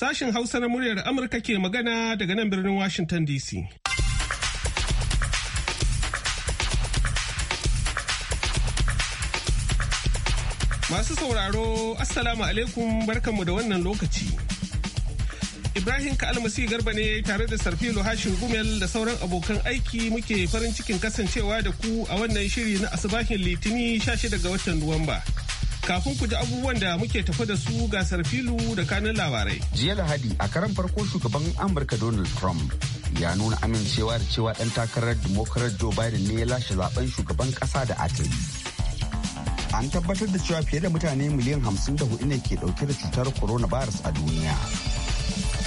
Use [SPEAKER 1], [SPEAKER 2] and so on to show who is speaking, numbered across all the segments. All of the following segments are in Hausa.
[SPEAKER 1] Sashen Hausa na muryar Amurka ke magana daga nan birnin Washington DC. Masu sauraro, Assalamu alaikum barkanmu da wannan lokaci. Ibrahim ka'almasi Garba ne tare da Sarfilo Hashin Gumel da sauran abokan aiki muke farin cikin kasancewa da ku a wannan shiri na asibahin Litini 16 ga watan Nuwamba. Kafin ku ji abubuwan da muke tafa da su gasar filu da kanin labarai.
[SPEAKER 2] Jiya Lahadi a karan farko shugaban Amurka Donald Trump ya nuna amincewa da cewa ɗan takarar Democrat Joe Biden ne ya lashe zaben shugaban ƙasa da aka yi. An tabbatar da cewa fiye da mutane miliyan hamsin da hudu ne ke ɗauke da cutar coronavirus a duniya.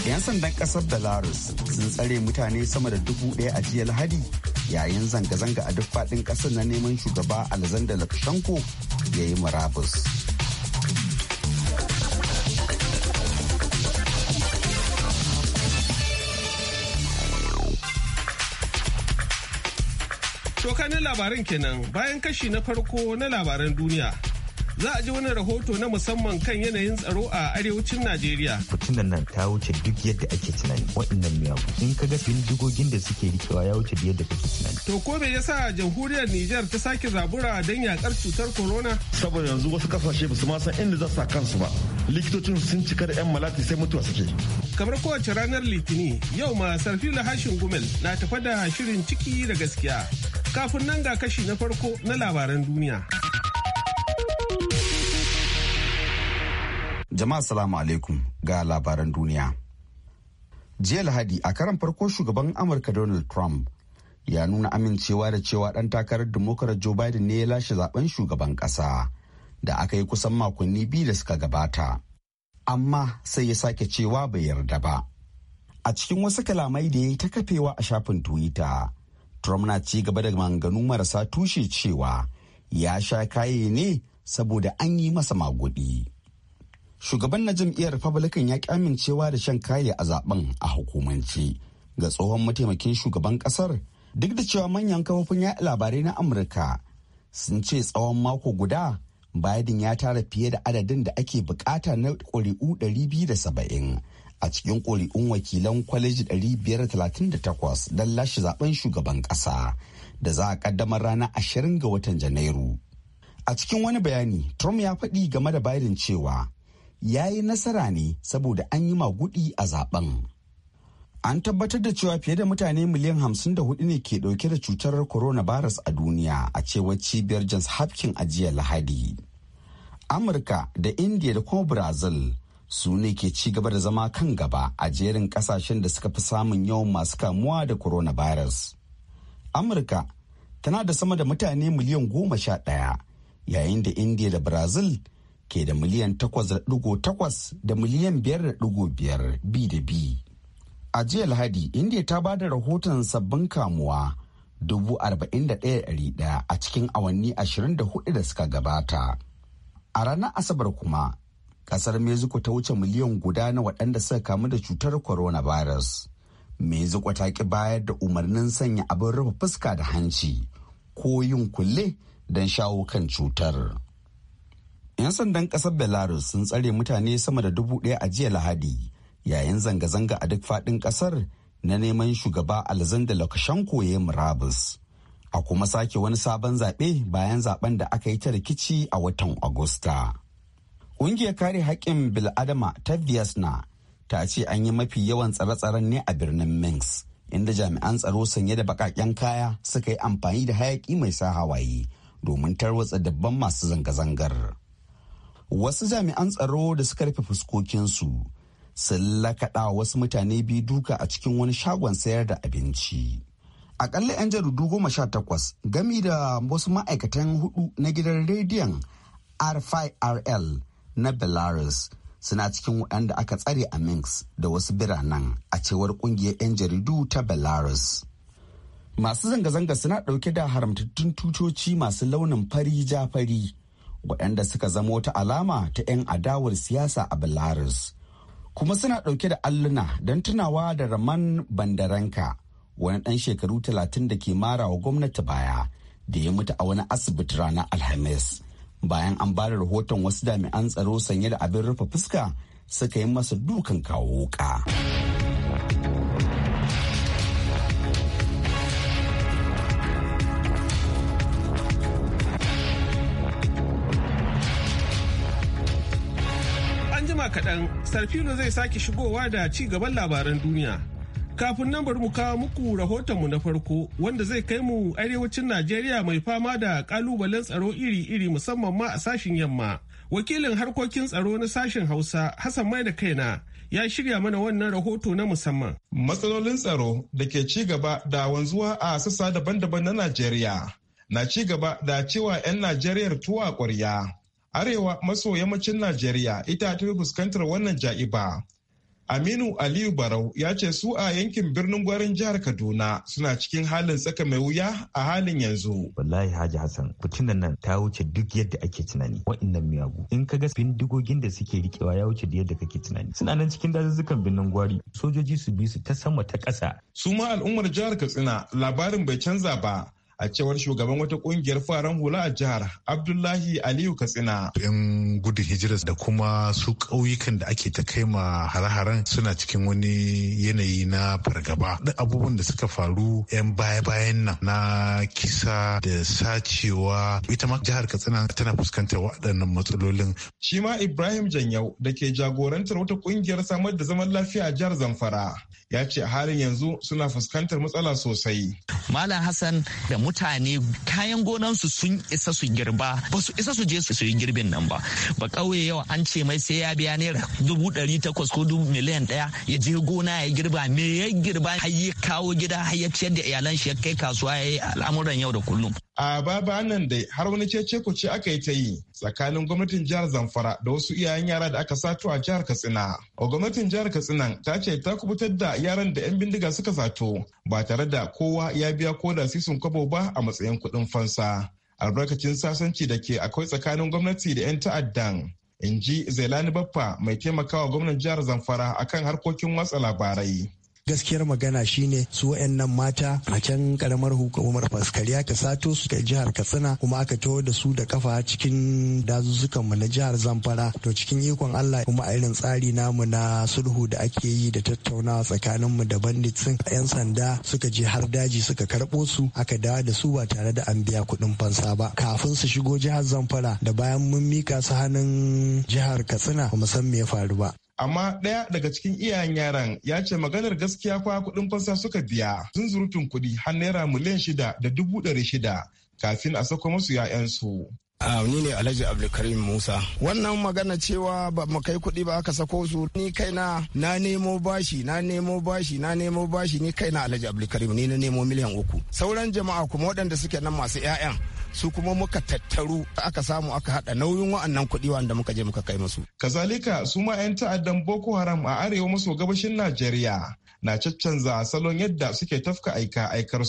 [SPEAKER 2] 'Yan sandan ƙasar Belarus sun tsare mutane sama da dubu ɗaya a jiya Lahadi yayin zanga-zanga a duk faɗin ƙasar na neman shugaba Alexander Lukashenko ya yi murabus.
[SPEAKER 1] Tokanin labaran kenan bayan kashi na farko na labaran duniya Za a ji wani rahoto na musamman kan yanayin tsaro a arewacin Najeriya.
[SPEAKER 2] Fitinan nan ta wuce duk yadda ake tunani waɗannan miyagu. In ka ga bindigogin da suke rikewa ya wuce yadda kake tunani.
[SPEAKER 1] To ko me yasa jamhuriyar Nijar ta sake zabura don yakar cutar corona? Saboda yanzu wasu kasashe ba su ma san inda za su sa kansu ba. Likitocin sun cika da 'yan malati sai mutuwa suke. Kamar kowace ranar Litinin, yau ma Sarfila Hashin Gumel na tafa da shirin ciki da gaskiya. Kafin nan ga kashi na farko na labaran duniya.
[SPEAKER 2] Jama'a salamu alaikum ga labaran duniya. Jiya Lahadi a karan farko shugaban Amurka Donald Trump ya nuna amincewa da cewa ɗan takarar Democrat Joe Biden ne ya lashe zaben shugaban ƙasa da aka yi kusan makonni biyu da suka gabata. Amma sai ya sake cewa bai yarda ba. A cikin wasu kalamai da ya yi ta kafewa a shafin Twitter, Trump na ci gaba da manganu marasa tushe cewa ya sha kaye ne saboda an yi masa magudi. shugaban na jam'iyyar republican ya ki amincewa da shan kaye a zaben a hukumance ga tsohon mataimakin shugaban kasar duk da cewa manyan kafofin ya labarai na amurka sun ce tsawon mako guda biden ya tara fiye da adadin da ake bukata na ƙuri'u 270 a cikin ƙuri'un wakilan kwaleji 538 don lashe zaben shugaban ƙasa da za a ƙaddamar ranar 20 ga watan janairu a cikin wani bayani trump ya faɗi game da biden cewa ya yi nasara ne saboda an yi magudi a zaben. An tabbatar da cewa fiye da mutane miliyan hamsin da hudu ne ke dauke da cutar coronavirus a duniya a cewar cibiyar Johns Hopkins a jiya Lahadi. Amurka da India da kuma Brazil su ne ke ci gaba da zama kan gaba a jerin kasashen da suka fi samun yawan masu kamuwa da coronavirus. Amurka tana da sama da mutane miliyan goma sha ɗaya yayin da India da Brazil ke da miliyan 8.8 da miliyan 5.5 bi da bi. A jiya Lahadi, India ta ba da rahoton sabbin kamuwa 41,100 a cikin awanni 24 da suka gabata. A ranar Asabar kuma, kasar Mexico ta wuce miliyan guda na waɗanda suka kamu da cutar coronavirus. Mexico ta ƙi bayar da umarnin sanya abin rufe fuska da hanci ko yin kulle don shawo kan cutar. 'Yan sandan ƙasar Belarus sun tsare mutane sama da dubu ɗaya a jiya Lahadi yayin zanga-zanga a duk faɗin ƙasar na neman shugaba Alexander Lukashenko ya murabus. A kuma sake wani sabon zaɓe bayan zaben da aka yi ta rikici a watan Agusta. Ƙungiyar kare haƙƙin bil'adama ta Viasna ta ce an yi mafi yawan tsare-tsaren ne a birnin Minsk, inda jami'an tsaro sanye da baƙaƙen kaya suka yi amfani da hayaƙi mai sa hawaye domin tarwatsa dabban masu zanga-zangar. wasu jami'an tsaro da suka rufe fuskokinsu sun lakaɗa wasu mutane biyu duka a cikin wani shagon sayar da abinci. Akalla 'yan jaridu goma sha takwas gami da wasu ma'aikatan hudu na gidan rediyon RFIRL na Belarus suna cikin waɗanda aka tsare a Minsk da wasu biranen a cewar ƙungiyar 'yan jaridu ta Belarus. Masu zanga-zanga suna ɗauke da haramtattun tutoci masu launin fari ja fari waɗanda suka zama wata alama ta 'yan adawar siyasa a belarus kuma suna ɗauke da alluna don tunawa da raman bandaranka wani ɗan shekaru talatin da ke mara wa gwamnati baya da ya mutu a wani asibiti ranar alhamis bayan an ba da rahoton wasu jami'an tsaro sanye da abin rufe fuska suka yi masa dukan kawo wuka.
[SPEAKER 1] kaɗan sarfilo zai sake shigowa da ci gaban labaran duniya kafin nan bari mu kawo muku mu na farko wanda zai kai mu arewacin najeriya mai fama da kalubalen tsaro iri-iri musamman ma a sashen yamma wakilin harkokin tsaro na sashen hausa hassan mai da kaina ya shirya mana wannan rahoto na musamman matsalolin tsaro
[SPEAKER 3] da ke ci gaba da wanzuwa a sassa daban-daban na najeriya na ci gaba da cewa 'yan najeriyar tuwa ƙwarya arewa maso yammacin najeriya ita ta fi fuskantar wannan ja'iba aminu aliyu barau ya ce su a yankin birnin gwarin jihar kaduna suna cikin halin tsaka mai wuya a halin yanzu wallahi haji hassan
[SPEAKER 2] fitinan nan ta wuce duk yadda ake tunani wa'annan miyagu in ka ga bindigogin da suke rikewa ya wuce da yadda kake tunani suna nan cikin dazuzzukan birnin gwari sojoji su bi su ta sama ta ƙasa su
[SPEAKER 3] ma al'ummar jihar katsina labarin bai canza ba a cewar shugaban wata kungiyar faran hula a jihar abdullahi aliyu katsina yan gudun hijira da kuma su ƙauyukan da ake ta kai ma hare-haren suna cikin wani yanayi na fargaba duk abubuwan da suka faru yan baya-bayan nan na kisa da sacewa ita ma jihar katsina tana fuskantar waɗannan matsalolin shi ma ibrahim janyau da ke jagorantar wata kungiyar samar da zaman lafiya a jihar zamfara ya ce a halin yanzu suna fuskantar matsala sosai
[SPEAKER 4] malam hassan da mutane kayan gonansu sun
[SPEAKER 5] isa su girba ba su isa su je su yi girbin nan ba ba kauye yau an ce mai sai ya biya naira dubu ɗari takwas ko dubu miliyan ɗaya ya je gona ya girba me ya girba har ya kawo gida har ya ciyar da iyalan shi ya kai kasuwa ya yi al'amuran yau da kullum
[SPEAKER 3] a baba nan dai har wani cece ce aka yi ta yi tsakanin gwamnatin jihar zamfara da wasu iyayen yara da aka sato a jihar katsina a gwamnatin jihar katsina ta ce ta kubutar da yaran da yan bindiga suka sato ba tare da kowa ya biya ko da sisin kwabo ba a matsayin kuɗin fansa albarkacin sasanci da ke akwai tsakanin gwamnati da 'yan ta'addan in ji zailani baffa mai taimakawa gwamnan jihar zamfara akan harkokin watsa labarai
[SPEAKER 5] gaskiyar magana shine su wayannan mata a can karamar hukumar faskariya ka sato su kai jihar katsina kuma aka taho da su da kafa cikin dazuzzukan mu na jihar zamfara to cikin ikon allah kuma a irin tsari namu na sulhu da ake yi da tattaunawa tsakanin mu da bandits yan sanda suka je har daji suka karbo su aka dawo da su ba tare da an biya kuɗin fansa ba kafin su shigo jihar zamfara da bayan mun mika su hannun jihar katsina ba mu san me ya faru ba
[SPEAKER 3] amma ɗaya daga cikin iyayen yaran ya ce maganar gaskiya kwa kuɗin fansa suka biya zunzurutun kuɗi har naira miliyan shida da dubu ɗari shida kafin a sako masu 'ya'yansu. Uh, ni ne alhaji abdulkarim musa wannan magana cewa ba mu kai kuɗi
[SPEAKER 6] ba aka sako su
[SPEAKER 2] ni kaina
[SPEAKER 6] na nemo bashi na nemo bashi na nemo bashi ni kaina alhaji abdulkarim ni na nemo miliyan uku sauran jama'a kuma waɗanda suke nan masu 'ya'yan su kuma muka
[SPEAKER 3] tattaru aka samu aka hada nauyin wa'annan
[SPEAKER 6] kuɗi wanda muka je muka kai musu.
[SPEAKER 3] Kazalika su ma 'yan ta'addan Boko Haram a arewa maso gabashin Najeriya na caccanza salon yadda suke tafka aika aikar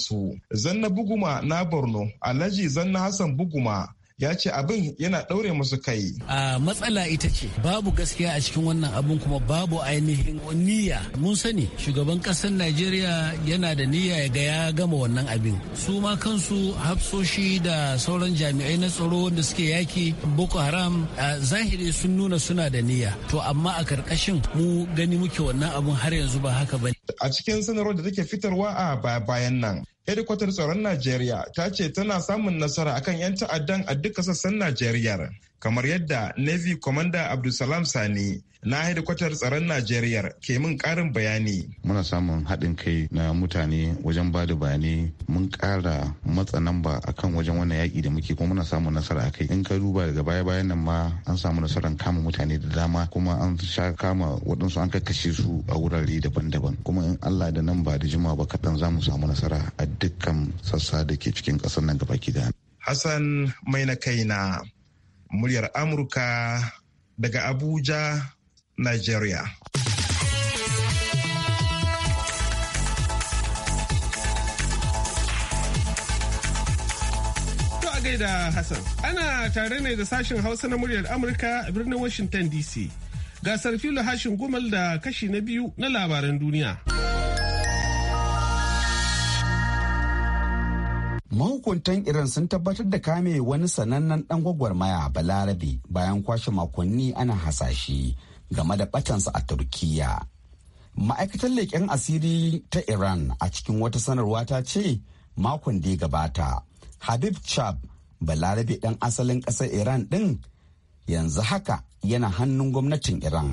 [SPEAKER 3] Zanna Buguma na Borno, Alhaji Zanna Hassan Buguma ya ce abin yana ɗaure musu kai.
[SPEAKER 5] A matsala ita ce babu gaskiya a cikin wannan abin kuma babu ainihin niyya. Mun sani shugaban ƙasar Najeriya yana da niyya ya ga ya gama wannan abin. Su ma kansu hafsoshi da sauran jami'ai na tsaro wanda suke yaki Boko Haram a zahiri sun nuna suna da niyya. To amma a karkashin mu gani muke wannan abin har yanzu ba haka ba. A cikin sanarwar da take fitarwa
[SPEAKER 3] a bayan nan hedikwatar tsaron najeriya ta ce tana samun nasara akan 'yan ta'addan a duka sassan najeriya kamar yadda Navy Commander Abdulsalam Sani na hedikwatar tsaron Najeriya ke min karin bayani.
[SPEAKER 6] Muna samun haɗin kai na mutane wajen ba da bayanai mun ƙara matsa namba akan wajen wannan yaƙi da muke kuma muna samun nasara a kai. In ka duba daga baya bayan nan ma an samu nasarar kama mutane da dama kuma an sha kama waɗansu an kakashe su a wurare daban-daban. Kuma in Allah da nan ba da jima ba kaɗan za mu samu nasara a dukkan sassa da ke cikin ƙasar nan gaba ki
[SPEAKER 3] Hassan mai na kaina muryar Amurka daga Abuja, Nigeria.
[SPEAKER 1] gaida Hassan. Ana tare ne da sashen Hausa na muryar Amurka a birnin Washington DC. Gasar filo hashin gumal da kashi na biyu na labaran duniya. mahukuntan iran sun tabbatar da kame wani
[SPEAKER 2] sanannen dan gwagwarmaya balarabe bayan kwashe makonni ana hasashe game da batansa a turkiya ma'aikatar leƙen asiri ta iran a cikin wata sanarwa ta ce makon da ya gabata habib chab balarabe dan asalin ƙasar iran din yanzu haka yana hannun gwamnatin iran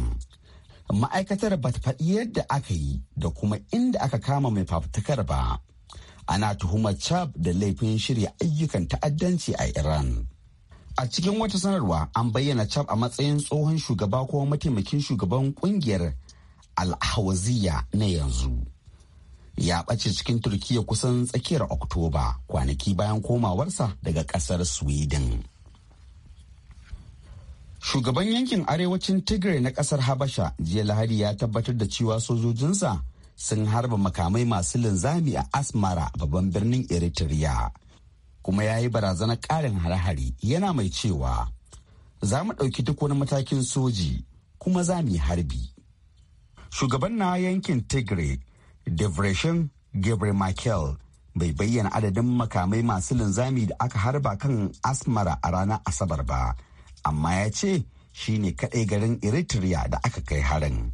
[SPEAKER 2] ma'aikatar ba ta faɗi yadda aka yi da kuma inda aka kama mai fafutukar ba ana tuhumar chab da laifin shirya ayyukan ta'addanci a iran a cikin wata sanarwa an bayyana chab a matsayin tsohon shugaba ko mataimakin shugaban kungiyar alhawaziya na yanzu ya ɓace cikin turkiya kusan tsakiyar oktoba kwanaki bayan komawarsa daga ƙasar sweden shugaban yankin arewacin tigray na ƙasar habasha jiya lahadi ya tabbatar da cewa sojojinsa sun harba makamai masu linzami a asmara babban birnin eritrea kuma ya yi barazanar ƙarin hare-hare yana mai cewa za mu ɗauki duk wani matakin soji kuma za mu harbi shugaban na yankin tigray devreshin gabriel michael bai bayyana adadin makamai masu linzami da aka harba kan asmara a ranar asabar ba amma ya ce shi ne kaɗai garin eritrea da aka kai harin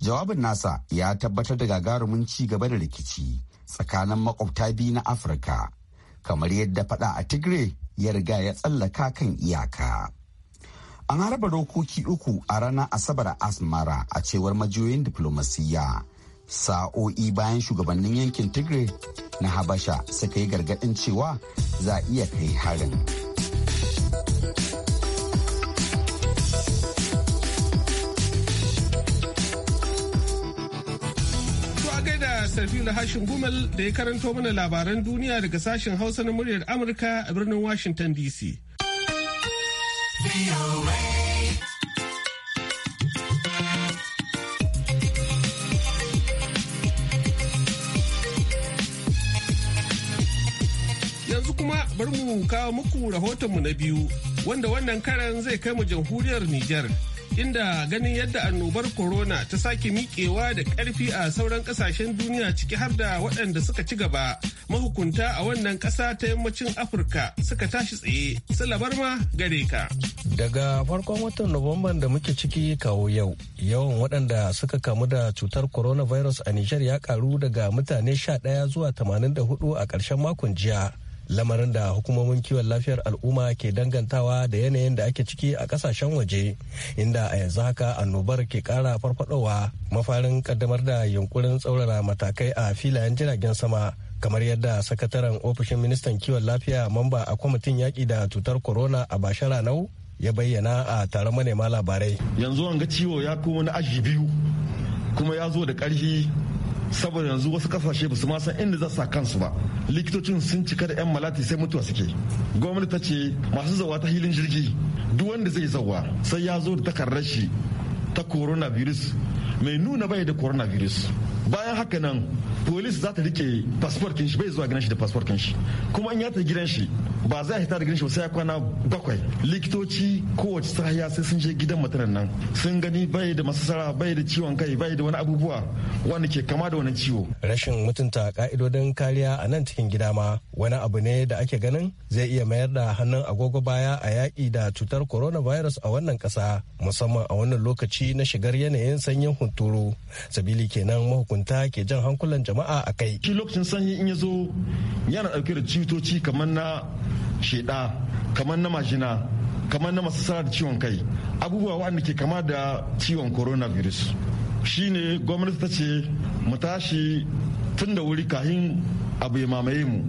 [SPEAKER 2] jawabin nasa ya tabbatar da gagarumin ci gaba da rikici tsakanin makwabta biyu na afirka kamar yadda fada a tigray ya riga ya tsallaka kan iyaka an harba dokoki uku a ranar asabar asmara a cewar majiyoyin diflomasiyya sa'o'i bayan shugabannin yankin tigre na habasha suka yi gargadin cewa za a iya kai harin
[SPEAKER 1] da Hashin Gumal da ya karanto mana labaran duniya daga sashen Hausa na muryar Amurka a birnin Washington DC. Yanzu kuma bari mu kawo muku rahotonmu na biyu wanda wannan karan zai kai mu jamhuriyar Nijar. inda ganin yadda annobar corona ta sake miƙewa da ƙarfi a sauran ƙasashen duniya ciki har da waɗanda suka ci gaba mahukunta a wannan ƙasa ta yammacin afirka suka tashi tsaye salabar ma gare ka
[SPEAKER 5] daga farkon watan nuwamban da muke ciki kawo yau yawan waɗanda suka kamu da cutar coronavirus a nijar ya karu daga mutane sha ɗaya zuwa tamanin da 84 a ƙarshen makon jiya lamarin da hukumomin kiwon lafiyar al'umma ke dangantawa da yanayin da ake ciki a kasashen waje inda a yanzu haka annobar ke kara farfadowa mafarin kaddamar da yunkurin tsaurara matakai a filayen jiragen sama kamar yadda sakataren ofishin ministan kiwon lafiya mamba a kwamitin yaƙi da cutar corona a bashara nau ya bayyana a tare manema labarai
[SPEAKER 7] yanzu an ga ciwo ya kuma na aji biyu kuma ya zo da ƙarfi saboda yanzu wasu kasashe ba su ma san inda za su sa kansu ba likitocin sun cika da yan malati sai mutuwa suke gwamnati ta ce masu zawa ta hilin jirgi duk wanda zai zawa sai ya zo da takardar shi ta coronavirus mai nuna bai da coronavirus bayan haka nan polis za ta rike passport kin shi bai zuwa gidan shi da passport kin shi kuma in ya ta gidan shi ba za a hita da gidan shi ba sai ya kwana bakwai likitoci kowace sahiya sai sun je gidan matanan nan sun gani bai
[SPEAKER 5] da masasara bai da ciwon kai bai da wani abubuwa wanda ke kama da wani ciwo rashin mutunta ka'idodin kariya a nan cikin gida ma wani abu ne da ake ganin zai iya mayar da hannun agogo baya a yaƙi da cutar coronavirus a wannan ƙasa musamman a wannan lokaci na shigar yanayin sanyin hunturu sabili kenan mahukunta mugunta ke jan hankulan jama'a a kai. Shi lokacin sanyi in ya zo yana ɗauke da cutoci kamar na sheɗa,
[SPEAKER 7] kamar na majina, kamar na masu da ciwon kai, abubuwa waɗanda ke kama da ciwon coronavirus. Shi ne gwamnati ta ce mu tashi tun da wuri kahin abu ya mamaye mu.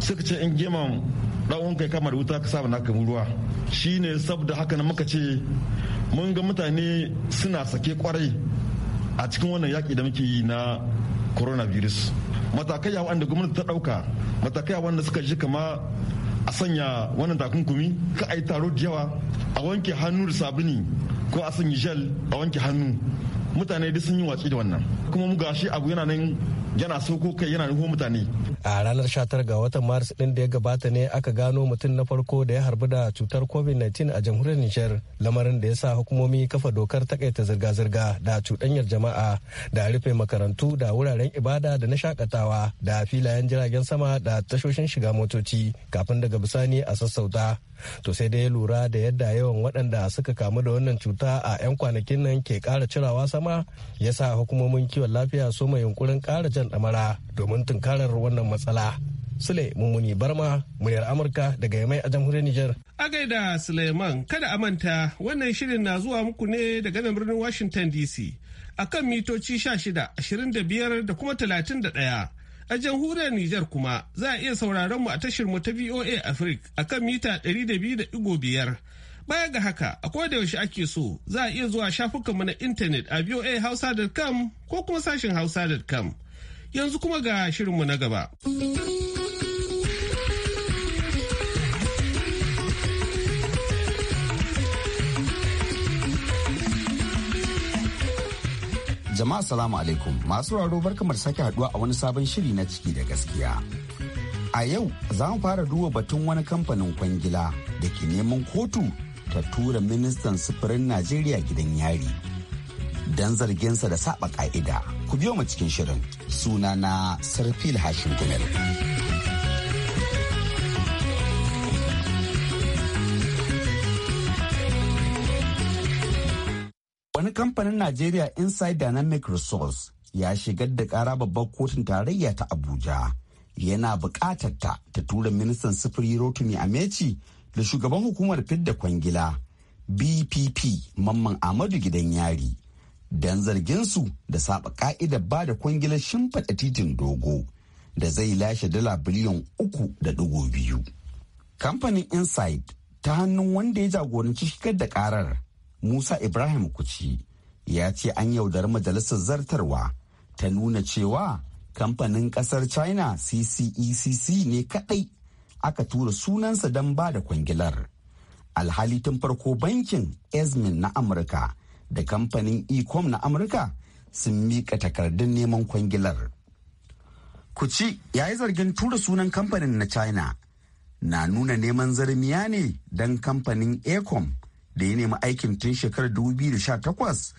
[SPEAKER 7] Suka ce in geman ɗan kai kama da wuta ka saba naka ruwa. Shi ne saboda haka na muka ce mun ga mutane suna sake kwarai a cikin wannan yaƙi da muke yi na coronavirus matakai wanda gwamnati ta ɗauka matakai wanda suka ji kama a sanya wannan takunkumi ka a yi taro da yawa a wanke hannu da sabuni ko a sanya gel a wanke hannu mutane duk sun yi watsi da wannan kuma mu gashi abu yana nan yana ko kai yana nufo mutane
[SPEAKER 5] a ranar 19 ga watan maris din da ya gabata ne aka gano mutum na farko da ya harbu da cutar covid-19 a jamhuriyar nijar lamarin da ya sa hukumomi kafa dokar takaita zirga-zirga da cuɗanyar jama'a da rufe makarantu da wuraren ibada da na shakatawa da filayen jiragen sama da tashoshin shiga motoci kafin daga bisani a sassauta to sai dai lura da yadda yawan waɗanda suka kamu da wannan cuta a 'yan kwanakin nan ke ƙara cirawa sama ya sa hukumomin kiwon lafiya su mai yunkurin ƙara jan damara domin tunkarar wannan matsala. Sule Mummuni Barma, muryar Amurka daga Yamai a jamhuriyar Nijar.
[SPEAKER 1] A gaida Suleiman, kada a manta wannan shirin na zuwa muku ne daga nan birnin Washington DC. akan mitoci 16, 25 da kuma 31. a jamhuriyar Nijar kuma za a iya sauraron mu a tashar mu ta VOA Africa akan mita 200.5. Baya ga haka, a koda yaushe ake so za a iya zuwa shafukanmu na intanet a voahausa.com ko kuma sashin hausa.com. Yanzu kuma ga shirinmu na gaba.
[SPEAKER 2] Jama'a salamu alaikum masu raro barkamar sake haduwa a wani sabon shiri na ciki da gaskiya. A yau za mu fara duba batun wani kamfanin kwangila da ke neman kotu ta tura ministan sufurin Najeriya gidan yari. don zarginsa da saba ka'ida. Ku biyo mu cikin shirin suna na Sarfil Hashim Gumel. Wani kamfanin Najeriya Inside Dynamic Resource ya shigar da ƙara babbar kotun tarayya ta Abuja. Yana buƙatar ta ta tura ministan sufuri Rotumi Amechi da shugaban hukumar fidda kwangila. BPP Mamman Amadu Gidan Yari don zarginsu da saba ka'idar ba da kwangilar shimfiɗa titin dogo da zai lashe dala biliyan uku da dugu biyu. Kamfanin Insight ta hannun wanda ya jagoranci shigar da karar Musa Ibrahim Kuci ya ce an yaudar majalisar zartarwa ta nuna cewa kamfanin kasar China CCECC e ne kadai aka tura sunansa don ba da kwangilar. Alhali tun farko bankin Esmin na Amurka da kamfanin ecom na amurka sun mika takardun neman kwangilar kuci ya yi zargin tura sunan kamfanin na china na nuna neman zarmiya ne don kamfanin ecom da ya nemi aikin tun shekarar 2018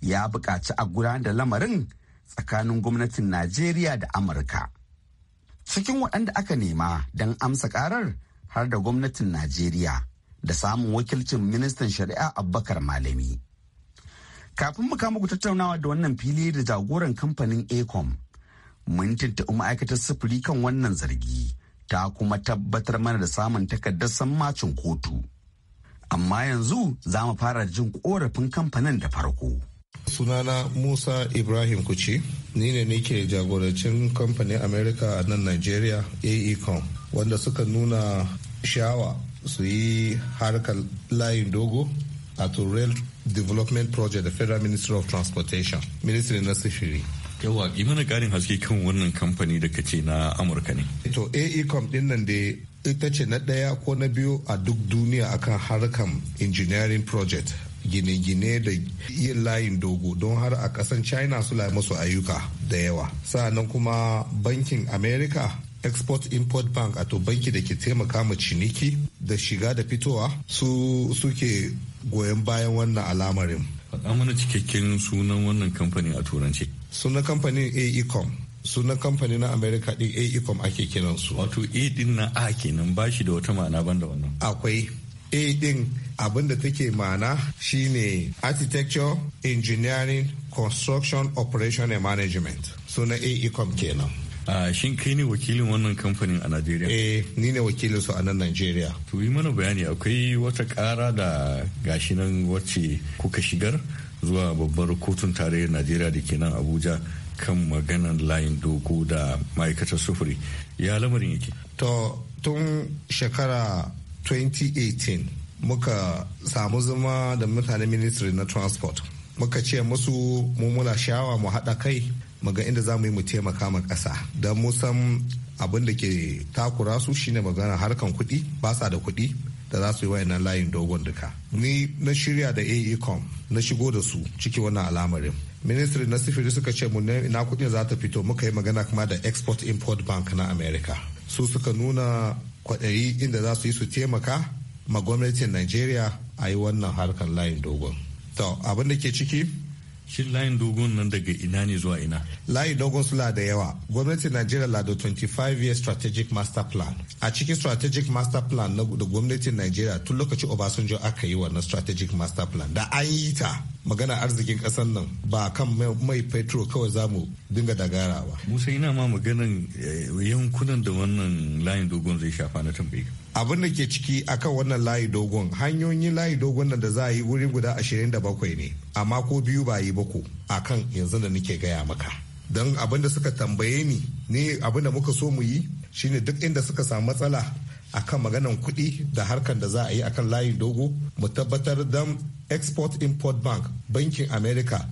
[SPEAKER 2] ya buƙaci a gudanar da lamarin tsakanin gwamnatin najeriya da amurka cikin waɗanda aka nema don amsa karar har da gwamnatin najeriya da samun wakilcin ministan shari'a abubakar malami Kafin mu kama ku tattaunawa da wannan fili da jagoran kamfanin ACOM, mun tuntuɓi ma'aikatar sufuri kan wannan zargi ta kuma tabbatar mana da samun takardar sammacin kotu. Amma yanzu za mu fara jin korafin kamfanin da farko.
[SPEAKER 6] sunana musa ibrahim kuci ni ne nake jagorancin kamfanin america a nan nigeria aecom wanda suka nuna shawa su yi harkar layin dogo a rail development project da federal ministry
[SPEAKER 4] of transportation ministry na yawa yi mana karin haske kan wannan kamfani da kace na amurka ne
[SPEAKER 6] to aecom din nan da ita ce na ɗaya ko na biyu a duk duniya akan harkan engineering project gine-gine da iya layin dogo don har a kasan china su layi masu ayyuka da yawa sa'annan kuma bankin america export import bank a to banki da ke taimaka ma ciniki da shiga da fitowa su suke goyon bayan wannan alamarin.
[SPEAKER 4] Faɗa mana cikakken sunan wannan kamfanin a turanci. Sunan kamfanin AECOM. Sunan kamfani na Amerika ɗin AECOM ake kiran su. Wato A ɗin na A kenan ba shi da wata ma'ana banda wannan. Akwai
[SPEAKER 6] A ɗin abin da take ma'ana shine Architecture, Engineering, Construction, Operation and Management. Sunan AECOM kenan.
[SPEAKER 4] shin kai ne wakilin wannan kamfanin a najeriya eh ni ne wakilin su a nan najeriya to yi mana bayani akwai wata kara da gashi nan wacce kuka shigar zuwa babbar kotun tarayyar najeriya da ke nan abuja kan maganan layin dogo da ma'aikatar sufuri ya lamarin yake
[SPEAKER 6] to tun shekara 2018 muka samu zama da mutane ministry na transport muka ce musu mu muna shawa mu haɗa kai muga inda za mu yi mu taimaka ma ƙasa don mu san abin da ke takura su shine magana harkan kuɗi ba sa da kuɗi da za su yi wayannan layin dogon duka ni na shirya da aecom na shigo da su ciki wannan al'amarin ministry na sifiri suka ce mu na kuɗin za ta fito muka yi magana kuma da export import bank na america su suka nuna kwaɗayi inda za su yi su taimaka ma gwamnatin nigeria a yi wannan harkan layin dogon to abin da ke ciki
[SPEAKER 4] Shin layin dogon nan daga ina ne zuwa ina?
[SPEAKER 6] Layi dogon sula da yawa. Gwamnatin Najeriya na da 25-year strategic master plan. A cikin strategic master plan na da gwamnatin Najeriya tun lokacin Obasanjo aka yi wannan strategic master plan. Da an yi ta magana arzikin kasar nan ba kan mai petro kawai za mu dinga dagarawa.
[SPEAKER 4] Musa ina ma maganan eh, yankunan da wannan layin dogon zai shafa na tambayi. abin da ke ciki akan wannan
[SPEAKER 6] layi dogon hanyoyin layi dogon nan da za a yi wurin guda 27 ne
[SPEAKER 4] amma ko biyu ba
[SPEAKER 6] yi bako kan yanzu da nake gaya maka don abin da suka tambaye ni ne abin da muka so mu yi shine duk inda suka samu matsala akan maganan kuɗi da harkar da za a yi akan layin dogo mu tabbatar don export import bank bankin america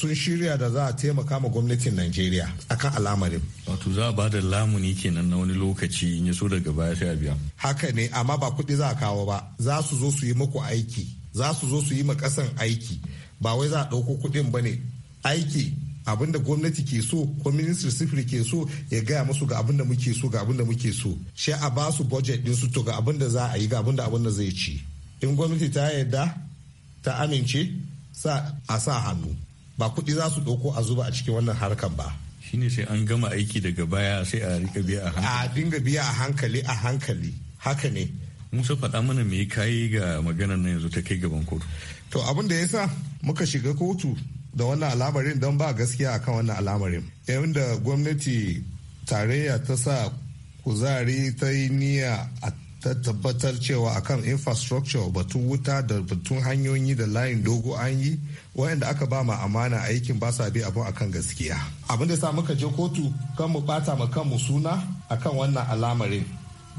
[SPEAKER 6] sun shirya da za a taimaka ma gwamnatin Najeriya a kan al'amarin.
[SPEAKER 4] Wato za a ba da lamuni kenan na wani lokaci in so daga baya sai a biya.
[SPEAKER 6] Haka ne amma ba kuɗi za a kawo ba za su zo su yi muku aiki za su zo su yi ma ƙasan aiki ba wai za a ɗauko kuɗin ba ne aiki abin da gwamnati ke so ko ministry sifiri ke so ya gaya musu ga abin da muke so ga abin da muke so Shi a ba su budget din su to ga abin da za a yi ga abin da abin da zai ci in gwamnati ta yarda ta amince sa a sa hannu
[SPEAKER 4] ba kuɗi za su ɗauko a zuba a cikin wannan harkar ba shine sai an gama aiki daga baya sai a rika biya a hankali a dinga biya a hankali a hankali haka ne musa faɗa mana me
[SPEAKER 6] kayi ga maganar na yanzu ta kai gaban kotu to abin da ya sa muka shiga kotu da wannan al'amarin don ba gaskiya akan wannan al'amarin yayin da gwamnati tarayya ta sa kuzari ta yi niyya a ta tabbatar cewa akan infrastructure batun wuta da batun hanyoyi da layin dogo an yi wayanda aka ba ma amana aikin ba sa bi abin akan gaskiya abin da sa muka je kotu kan mu bata ma mu suna akan wannan alamarin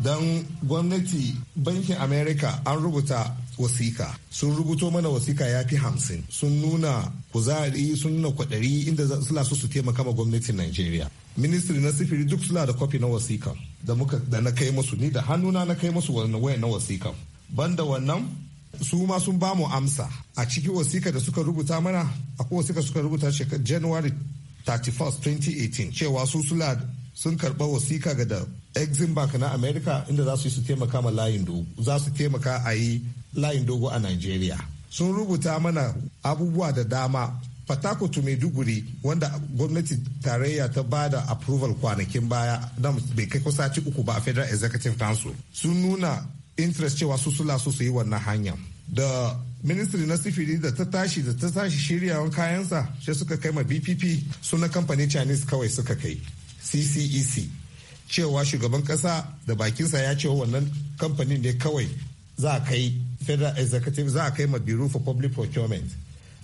[SPEAKER 6] don gwamnati bankin america an rubuta wasika sun rubuto mana wasika ya fi hamsin sun nuna kuzari sun nuna kwaɗari inda suna so su taimaka ma gwamnatin najeriya ministry na sifiri duk suna da kwafi na wasika da muka da na kai musu ni da hannuna na kai musu wani waya na wasika banda wannan su ma sun bamu amsa a cikin wasika da suka rubuta mana akwai wasika suka rubuta shekarar january 31 2018 cewa su sula sun karɓa wasiƙa ga da exim bank na america inda za su yi su taimaka ma layin dogo za su taimaka a yi layin dogo a nigeria sun rubuta mana abubuwa da dama fatakutu maiduguri wanda gwamnati tarayya ta ba da approval kwanakin baya na bai kai kusa ci uku ba a federal executive council sun nuna interest cewa su sula su su yi wannan hanya da ministry na sifiri da ta tashi da ta tashi shiryawan kayansa sai suka kai ma bpp suna kamfanin chinese kawai suka kai ccec e cewa shugaban kasa da bakinsa ya ce wannan kamfanin ne kawai za a kai federal executive za a kai ma bureau for public procurement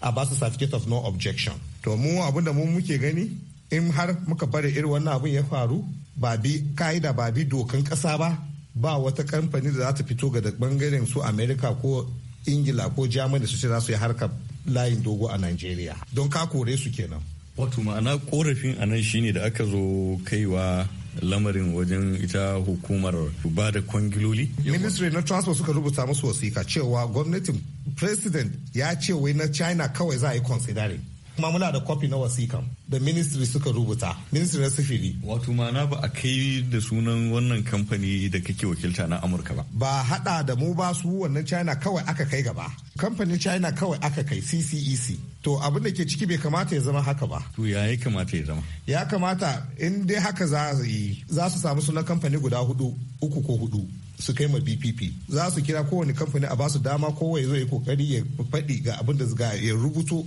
[SPEAKER 6] a ba su certificate of no objection to mu abinda mu muke gani in har muka bari irin wannan abin ya faru ba bi ka'ida ba bi dokan kasa ba ba wata kamfani da za ta fito ga bangaren su america ko ingila ko germany su ce za su yi harkar layin dogo a nigeria don ka kore su kenan
[SPEAKER 4] wato ma'ana korafin anan shine da aka zo kaiwa lamarin wajen ita hukumar ba da kwangiloli.
[SPEAKER 6] ministry na transport
[SPEAKER 4] suka rubuta musu
[SPEAKER 6] wasiƙa cewa gwamnatin president ya ce wai na china kawai za a yi considering kuma muna da kwafi na wasikan da ministry suka rubuta ministry na sifili
[SPEAKER 4] wato na ba a kai da sunan wannan kamfani da kake wakilta na amurka ba
[SPEAKER 6] ba hada da mu ba su wannan china kawai aka kai gaba kamfanin china kawai aka kai ccec e to abin da ke ciki bai kamata ya zama haka ba
[SPEAKER 4] to ya yi kamata ya zama
[SPEAKER 6] ya kamata in dai haka za su yi za su samu sunan kamfani guda hudu uku ko hudu su kai ma bpp za su kira kowane kamfani a basu dama kowai zai yi kokari ya faɗi ga abin da ya rubuto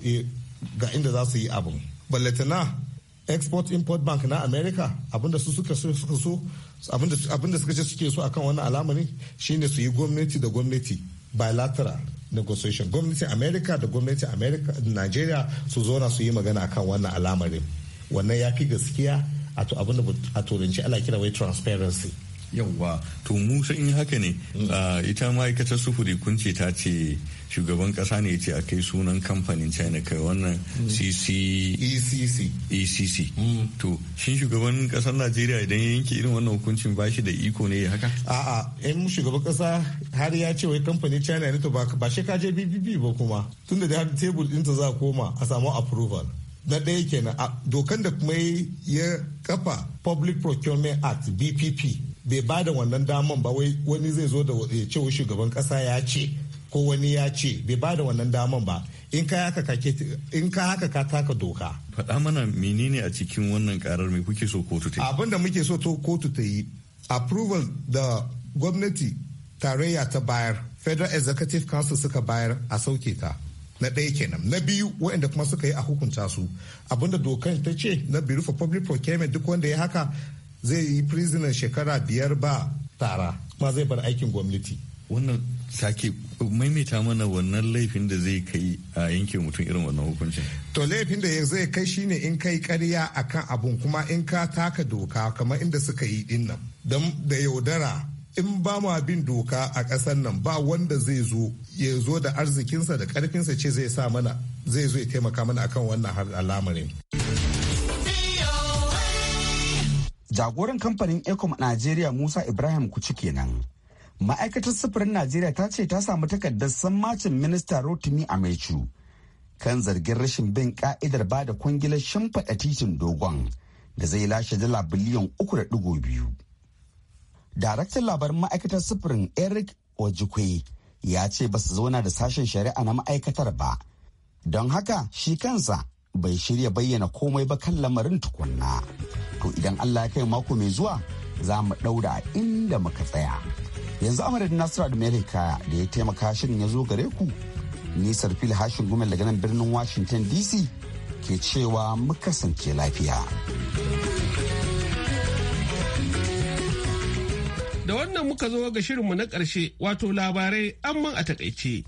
[SPEAKER 6] ga inda za su yi abin Balletina export import bank na america abinda su suka so suka so abinda suka ce suke so akan wannan alamari shine su yi gwamnati da gwamnati bilateral negotiation gwamnati america da gwamnatin america nigeria su zona su yi magana akan wannan alamari wannan ya fi gaskiya a to a turanci ala
[SPEAKER 4] kira wai transparency yawwa to mu in haka ne mm. ah, ita ma'aikatar sufuri kun ce ta ce shugaban kasa ne ce a kai sunan kamfanin china kai wannan mm. cc ecc ecc mm. to shin shugaban kasar najeriya idan ya yanke irin wannan hukuncin ba shi da iko ne ya haka
[SPEAKER 6] a'a in shugaban kasa har ya ce wai kamfanin china ne to ba shi ka je bbb ba kuma tunda da tebul ta za koma a samu approval na ɗaya kenan dokan da kuma ya kafa public procurement act bpp bai ba da wannan daman ba wai wani zai zo da ya ce shugaban kasa ya ce ko wani ya ce bai ba da wannan daman ba in ka haka ka
[SPEAKER 4] taka doka faɗa mana menene a cikin wannan karar mai kuke so kotu ta yi abin da muke so to
[SPEAKER 6] kotu ta yi approval da gwamnati tarayya ta bayar federal executive council suka bayar a sauke ta na ɗaya kenan na biyu waɗanda kuma suka yi a hukunta su abinda dokan ta ce na biyu for public procurement duk wanda ya haka zai yi prisoner shekara biyar ba tara ma zai bar
[SPEAKER 4] aikin gwamnati wannan sake maimaita mana wannan laifin da zai kai a yanke mutum irin wannan hukuncin
[SPEAKER 6] to laifin da zai kai shine in kai karya akan abun kuma in ka taka doka kamar inda suka yi din nan da yaudara in ba ma bin doka a ƙasar nan ba wanda zai zo ya zo da arzikinsa da ƙarfinsa ce zai sa mana zai zo ya taimaka mana akan
[SPEAKER 2] wannan har al'amarin jagoran kamfanin ecom najeriya musa ibrahim kuci kenan ma'aikatar sufurin najeriya ta ce ta samu takardar sammacin minista rotimi a maicu kan zargin rashin bin ka'idar ba da kwangilar shimfiɗa titin dogon da zai lashe dala biliyan uku da biyu daraktan labarin ma'aikatar sufurin eric ojikwe ya ce ba su zauna da sashen shari'a na ma'aikatar ba don haka shi kansa bai shirya bayyana komai ba kan lamarin tukunna to idan allah ya kai mako mai zuwa za mu ɗaura inda muka tsaya yanzu amurda nasiru da da ya taimaka shirin ya zo gare ku nisar fil hashin gumel daga nan birnin washington dc
[SPEAKER 1] ke cewa muka kasance lafiya da wannan muka zo ga shirinmu na karshe wato labarai amman a takaice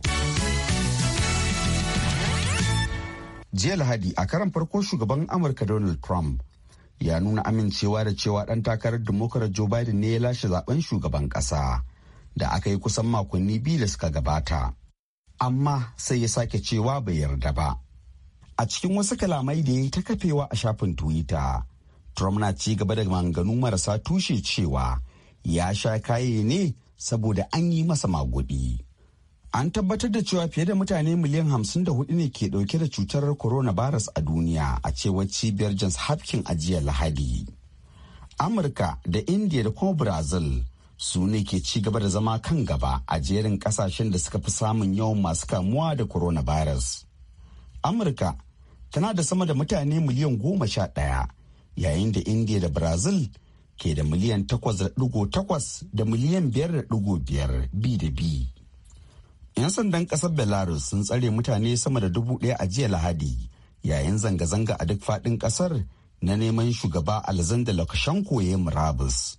[SPEAKER 1] jiya lahadi
[SPEAKER 2] a karan farko shugaban amurka donald trump ya nuna amincewa da cewa ɗan takarar democrat joe biden ne ya lashe zaben shugaban ƙasa. da aka yi kusan makonni biyu da suka gabata amma sai ya sake cewa bai yarda ba a cikin wasu kalamai da ya yi ta kafewa a shafin twitter trump na ci gaba da manganu marasa tushe cewa ya sha kaye ne saboda an yi masa magudi an tabbatar da cewa fiye da mutane miliyan hamsin da hudu ne ke dauke da cutar coronavirus a duniya a cewar cibiyar johns hopkins a jiya lahadi amurka da india da kuma brazil su ne ke ci gaba da zama kan gaba a jerin kasashen da suka fi samun yawan masu kamuwa da coronavirus. Amurka tana da sama da mutane miliyan goma sha ɗaya yayin da indiya da Brazil ke da miliyan takwas da ɗigo takwas da miliyan biyar da ɗigo biyar bi da bi. 'Yan sandan ƙasar Belarus sun tsare mutane sama da dubu ɗaya a jiya Lahadi yayin zanga-zanga a duk faɗin ƙasar na neman shugaba Alexander Lukashenko ya yi murabus.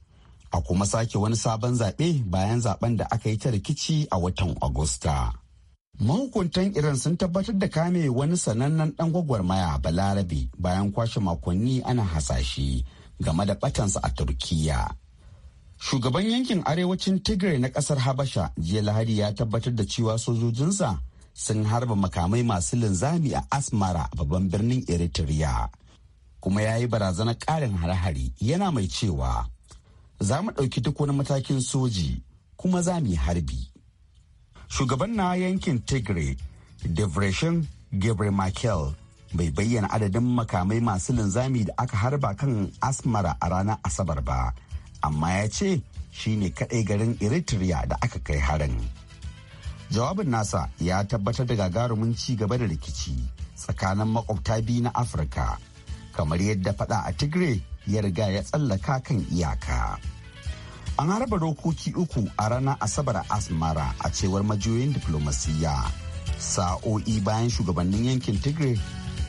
[SPEAKER 2] a kuma sake wani sabon zaɓe bayan zaben da aka yi ta rikici a watan Agusta. Mahukuntan Iran sun tabbatar da kame wani sanannen ɗan gwagwarmaya Balarabe bayan kwashe makonni ana hasashe game da batansa a Turkiyya. Shugaban yankin arewacin Tigray na ƙasar Habasha jiya Lahadi ya tabbatar da cewa sojojinsa sun harba makamai masu linzami a Asmara babban birnin Eritrea. Kuma ya yi barazanar ƙarin hare-hare yana mai cewa za mu ɗauki duk wani matakin soji kuma za mu yi harbi. Shugaban na yankin Tigray, Debreshin Gabriel Michael, bai bayyana adadin makamai masu linzami da aka harba kan Asmara a ranar Asabar ba, amma ya ce shi ne kaɗai garin Eritrea da aka kai harin. Jawabin nasa ya tabbatar da gagarumin ci gaba da rikici tsakanin makwabta biyu na Afirka, kamar yadda faɗa a Tigray ya riga ya tsallaka kan iyaka. An harba dokoki uku a ranar Asabar Asmara a cewar majiyoyin diflomasiyya. Sa'o'i bayan shugabannin yankin Tigray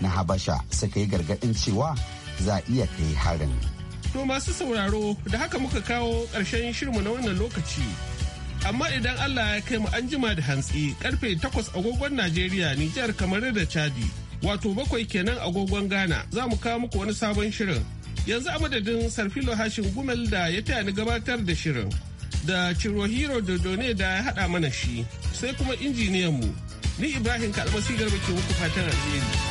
[SPEAKER 2] na Habasha suka yi gargaɗin cewa za a iya kai harin.
[SPEAKER 1] To masu sauraro da haka muka kawo ƙarshen shirmu na wannan lokaci. Amma idan Allah ya kai mu an jima da hantsi karfe takwas agogon Najeriya, Nijar kamar da Chadi, wato bakwai kenan agogon Ghana za mu kawo muku wani sabon shirin. yanzu a madadin sarfilo hashin gumel da ya taya ni gabatar da shirin da Cirohiro Dodone da ya haɗa mana shi sai kuma injiniyanmu ni Ibrahim Kalmasi Garba ke muku fatan alheri.